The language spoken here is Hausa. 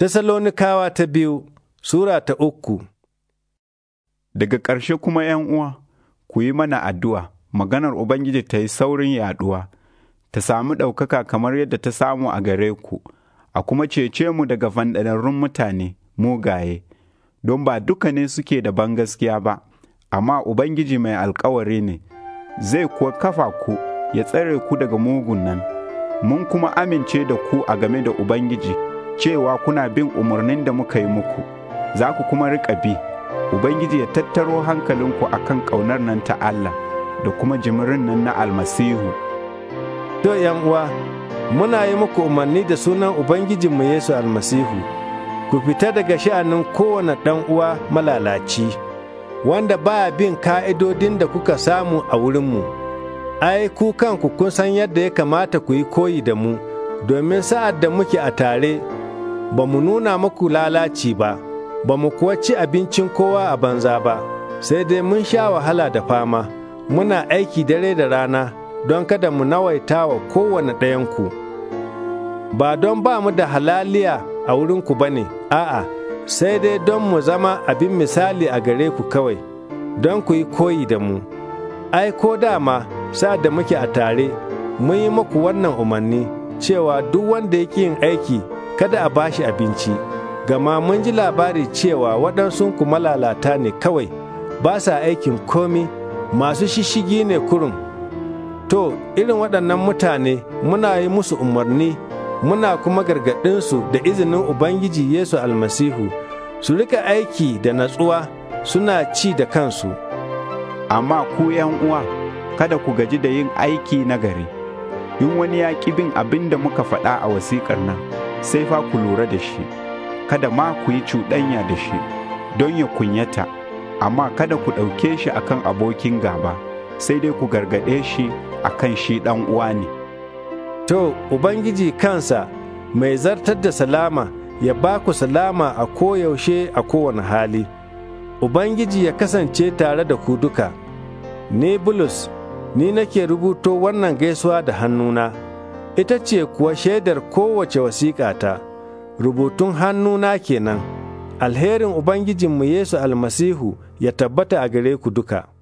Tessalonikawa ta biyu Sura ta uku Daga ƙarshe kuma ’yan uwa, ku yi mana addu'a, maganar Ubangiji ta yi saurin yaɗuwa, ta sami ɗaukaka kamar yadda ta samu a gare ku, a kuma cece mu daga fanɗararrun mutane mugaye, don ba duka ne suke da bangaskiya ba, amma Ubangiji mai alkawari ne, zai kuwa kafa ku ya tsare ku daga mugun nan, mun kuma amince da ku a game da Ubangiji. cewa kuna bin umarnin da muka yi muku, za ku kuma riƙa bi, Ubangiji ya tattaro hankalinku a kan ƙaunar nan ta Allah da kuma jimirin nan na almasihu. To uwa, muna yi muku umarni da sunan Ubangijinmu Yesu almasihu, ku fita daga sha'anin kowane ɗan uwa malalaci, wanda ba bin ka'idodin da kuka samu a wurinmu. Ai, ku kanku kun san yadda ya kamata ku yi koyi da mu, domin sa'ad da muke a tare. ba mu nuna maku lalaci ba, ba mu kuwa ci abincin kowa a banza ba, sai dai mun sha wahala da fama, muna aiki dare da rana don kada mu nawaita wa kowane ɗayanku. Ba don ba mu da halaliya a wurinku ba ne, a'a, sai dai don mu zama abin misali a gare ku kawai, don ku yi koyi da mu. Ai, ko dama, sa da muke a tare, mun yi muku wannan umarni, cewa duk wanda yake yin aiki kada a bashi abinci gama mun ji labari cewa waɗansu kuma lalata ne kawai ba sa aikin komi masu shishigi ne kurum to irin waɗannan mutane muna yi musu umarni muna kuma gargaɗinsu da izinin ubangiji yesu almasihu su rika aiki da natsuwa suna ci da kansu amma ku uwa kada ku gaji da yin aiki na gari, in wani ya ƙi bin abin da muka faɗa a wasiƙar nan sai fa ku lura da shi kada ma ku yi cuɗanya da shi don ya kunyata amma kada ku ɗauke shi akan abokin gaba sai dai ku gargaɗe shi akan shi ɗan uwa ne to ubangiji kansa mai zartar da salama ya ba ku salama a koyaushe a kowane hali ubangiji ya kasance tare da ku duka ni bulus ni nake rubuto wannan gaisuwa da hannuna. ita ce kuwa shaidar kowace wasiƙata, rubutun hannu na kenan, alherin Ubangijinmu Yesu almasihu ya tabbata a gare ku duka.